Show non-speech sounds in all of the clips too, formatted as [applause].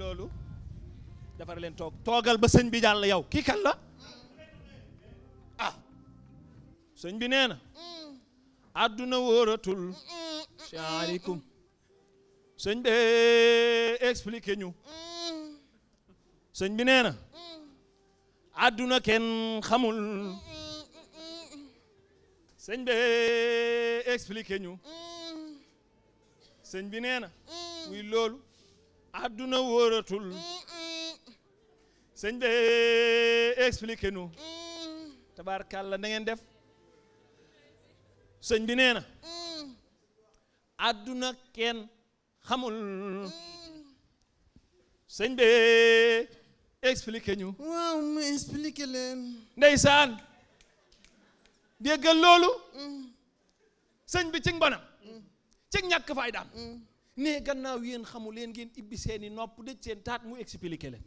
loolu dafara leen toog toogal ba sëñ bi jàll yow kii kan la ah sëñ bi nee na àdduna wóoratul salaamaaleykum sëñ ñu sëñ bi nee na àdduna kenn xamul sëñ bi ñu sëñ bi nee loolu àdduna wóoratul sëñ bee expliqué nu tabaarkàlla na ngeen def sëñ bi nee na àdduna kenn xamul expliqué ñu waaw mu expliqué leen loolu sëñ bi ci mbonam ci ñàkk ne gannaaw yéen xamu leen ngeen ibbi seeni nopp dëj seen taat mu expliqué leen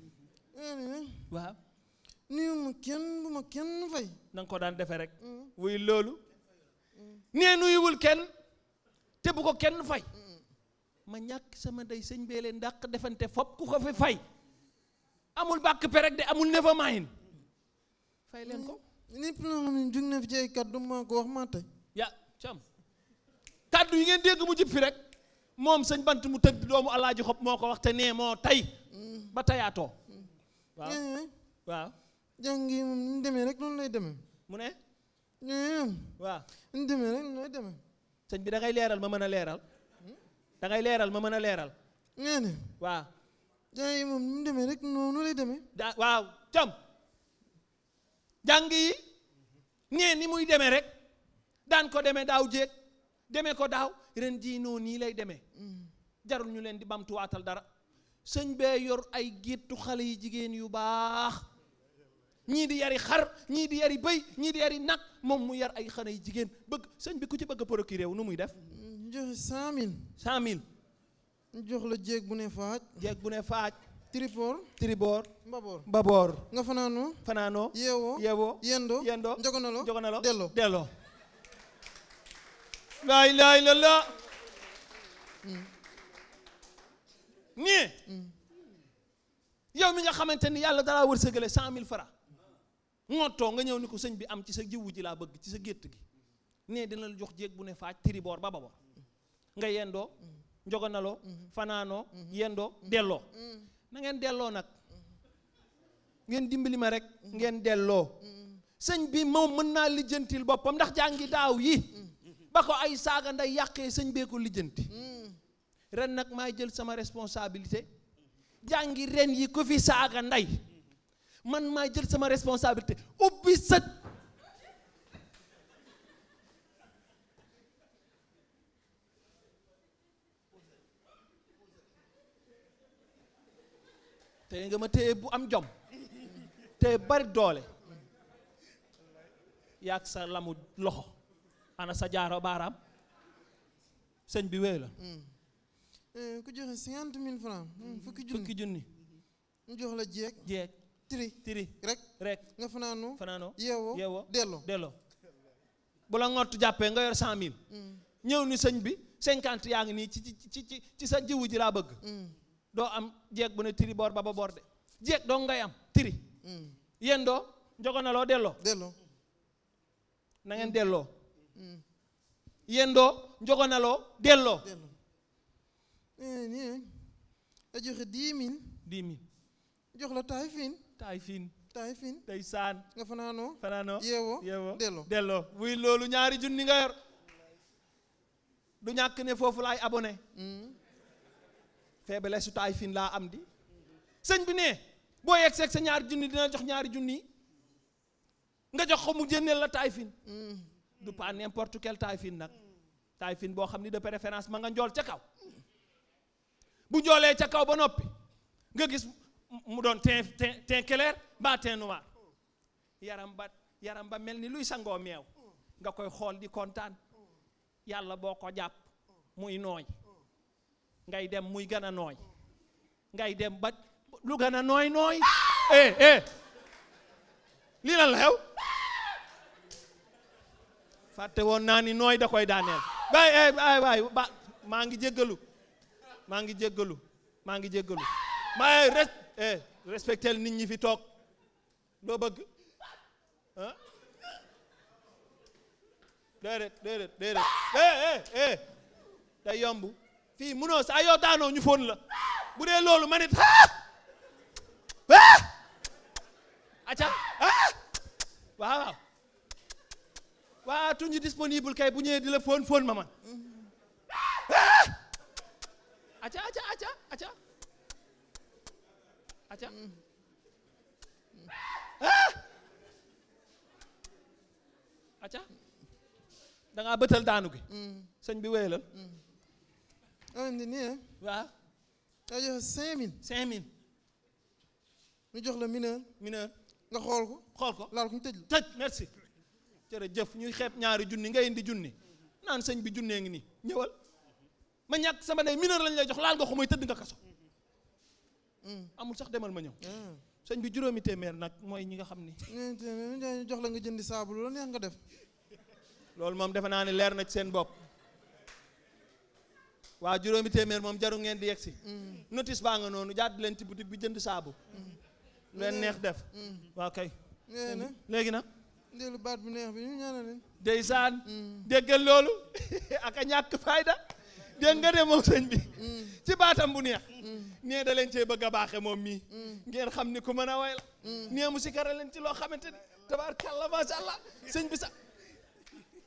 waaw nii ma kenn bu ma kenn fay nanga ko daan defe rek mm. wuy loolu nee nuyuwul kenn te bu ko kenn fay ma ñàkk sama ndey sëñ bee leen dàq defante fop ku ko fi fay amul bàkk perek de amul nefa maayin fay leen ko lépp loo xam ne jug ko wax maa tey yaa cam kàddu yi ngeen dégg mu jib fi rek moom sëñ bant mu tëgg doomu alaaji xob moo ko wax te nee moo tay ba tayaatoo waaw jàngi moom ñu demee rek noonu lay demee mu ne waaw lay demee sëñ bi da leeral ma mën a leeral hmm? da leeral ma mën a leeral nee na waaw jàngi moom ñu demee rek noonu lay demee da waaw cam jàng nee ni muy demee rek daan ko demee daaw jéeg deme ko daaw ren jii noo nii lay demee mm. jarul ñu leen di bamtuwaatal dara sëñ bee yor ay géttu xale yi jigéen yu baax ñii di yari xar ñii di yari bëy ñii di yari nag moom mu yar ay xale yi jigéen bëgg sëñ bi ku ci bëgg a procuré wu nu muy def ñu mm, joxe cent mille jox la jéeg bu ne faaj jéeg bu ne faaj tribord tribord mbaboor mbaboor nga fanaanoo fanaanoo yeewoo yeewoo yendoo yendoo njogonalo njogonalo delloo delloo la ilaha illallah nii yow mi nga xamante ni yàlla dalaa wërsëgale cent mille francs ngottoo nga ñëw ni ko sëñ bi am ci sa jiwu ji laa bëgg ci sa gétt gi nee dina la jox jéeg bu ne faaj tiriboor ba baba nga yendoo njogonaloo fanaanoo yendoo delloo na delloo nag ngeen dimbali ma rek ngeen delloo sëñ bi moom mën naa lijjantil boppam ndax jàngi daaw yi ba ko ay saaga nday yàqee sëñ bee ko lijjanti hmm. ren nag maa jël sama responsabilité jàngi ren yi ko fi saaga nday man maa jël sama responsabilité ubbi sët tey nga ma téye bu am jom te bari doole yaag sa lamu loxo ana sa jaaro baaraam sëñ bi wéy la. Mm. Eh, ku joxe cinquante mille francs mm, mm. fukki junni fukki junni. mu jox la jeeg. jeeg tiri tiri. rek nga fanaanoo. fanaanoo yeewoo delloo delloo. bu la ngott jàppee nga yor cent mille. ñëw ni sëñ bi cinquante yaa ngi nii ci ci ci ci sa jiwu ji laa bëgg. doo am jeeg bu ne tiri boor ba ba boor de jeeg doo ngay am tiri. yéen doo njogonaloo delloo. delloo na ngeen delloo. yendoo njogonaloo delloo eh, eh. a joxe dix jox la taay fiin taay fiin nga fanaanoo fanaanoo delloo wuy loolu ñaari junni nga yor du ñàkk ne foofu laay abonné mm. feebale su taay laa am di sëñ bi ne boo yegg seeg sa ñaari junni dina jox ñaari junni nga jox ko mu jëndeel la taay du pas n'importe quel taay fin nag taay fin boo xam ni de préférence ma nga njool ca kaw bu njoolee ca kaw ba noppi nga gis mu doon teint teint clair mbaa teint noir yaram ba yaram ba mel ni luy sangoo meew nga koy xool di kontaan yàlla boo ko jàpp muy nooy ngay dem muy gën a nooy ngay dem ba lu gën a nooy nooy eh, eh. lii lan la xew fàtte woon naa ni nooy da koy daaneel bay ay waay ba maa ngi jéggalu maa ngi jéggalu maa ngi jéggalu ma res eh, nit ñi fi toog loo bëgg ah déedéet déedéet déedéet eh, eh, eh day yomb fii munoo saa yoo daanoo ñu fóon la bu dee loolu ma nit ah aca ah waa tuñu disponible kay bu ñëwee di la fóon fóon ma man aca aca aca aca aca aca bëtal daanu gi sëñ bi wéyalal andi nii waaw daa joxe cinq mille cinq mille ñu jox la mineur mineur nga xool ko xool ko laal ko ñu tëj la tëj merci jëf ñuy xeeb ñaari junni ngay indi junni naan sëñ bi junnee ngi nii ñëwal ma ñàkk sama day mineur lañ lay jox laal nga xumuy tëdd nga kaso mm. amul sax demal ma ñëw mm. sëñ bi juróomi téeméer nag mooy ñi nga xam ni mm, jox la nga jëndi saabu loolu neex nga def loolu moom defe naa ne leer na seen bopp waa juróomi téeméer moom jaru ngeen di yegsi notice baa nga noonu jàdd leen ci boutique bi jënd saabu leen neex def waa kay léegi nag ndéelu baat bu neex bi ñu ñaanal leen. Mm. déggal loolu [laughs] ak a ñàkk fayda. dégg nga sëñ bi. Mm. ci baatam bu neex. Mm. nee da leen cee bëgg a baaxe moom mii. ngeen xam ni ku mën a way la. nee mu sikara leen ci loo xamante ni tabaarkalla macha allah sëñ bi sa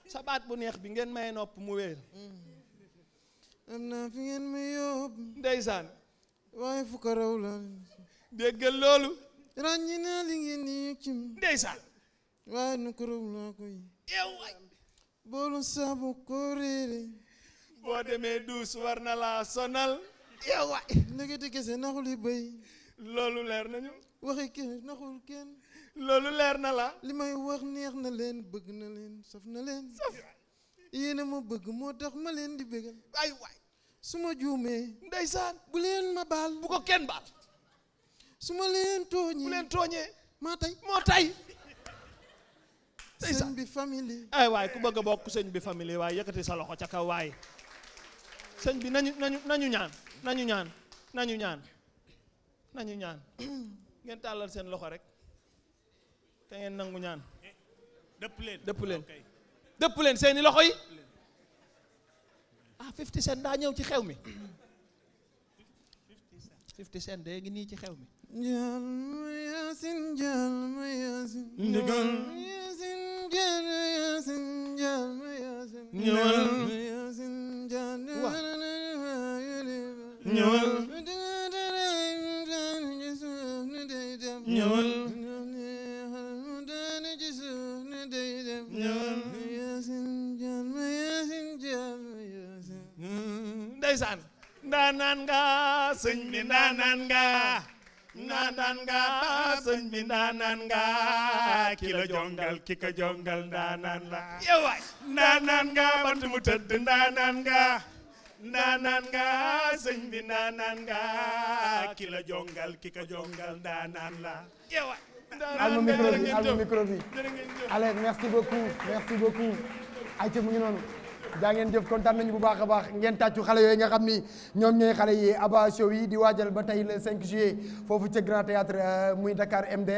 sa baat bu neex bi ngeen may nopp mu wéer. am naa fi ngeen may yóbbu. ndeysaan. waaye fu raw la. déggal loolu. ràññi naa li ngeen di yëg ci. ndeysaan. waaye nukurum laa koy yow waay boolu saabu koo réere boo demee duus war na laa sonal yow waay ndekete kese naxul yi bëy loolu leer nañu waxi kese naxul kenn loolu leer na la li may wax neex na leen bëgg na leen saf na leen saf ma bëgg moo tax ma leen di bëggal ay waay su ma juumee ndeysaan bu leen ma baal bu ko kenn baal su ma leen tooñee bu leen tooñee maa tey moo tey sëñ bi famille. ay eh, waay ku bëgg a bokk sëñ bi famille waaye yëkkati sa loxo ca kaw waaye sëñ bi nañu nañu nañu ñaan nañu ñaan nañu ñaan nañu ñaan [coughs] ngeen tàllal seen loxo rek te ngeen nangu ñaan. Eh, dëpp leen dëpp leen seeni loxo yi. ah 50 cent daa ñëw ci xew mi. 50 cent de ngi nii ci xew mi. Ndigal ñëwal ñëwal ñëwal ndeysaan ndaanaan nga sëñ bi ndaanaan nga ndaanaan nga sëñ bi nga ki la jongal ki ka jongal ndaanaan la yowaay ndaanaan nga bant mu tëdd ndaanaan nga nga sëñ bi ndaanaan jongal ki ka la yowaay alma micro bi alma merci beaucoup merci beaucoup ayca jaa ngeen jëf kontaan nañu bu baax a baax ngeen tàccu xale yooyu nga xam ni ñoom ñooy xale yi aba show di waajal ba tey le cinq juillet foofu ca Grand Théâtre euh, muy Dakar MDR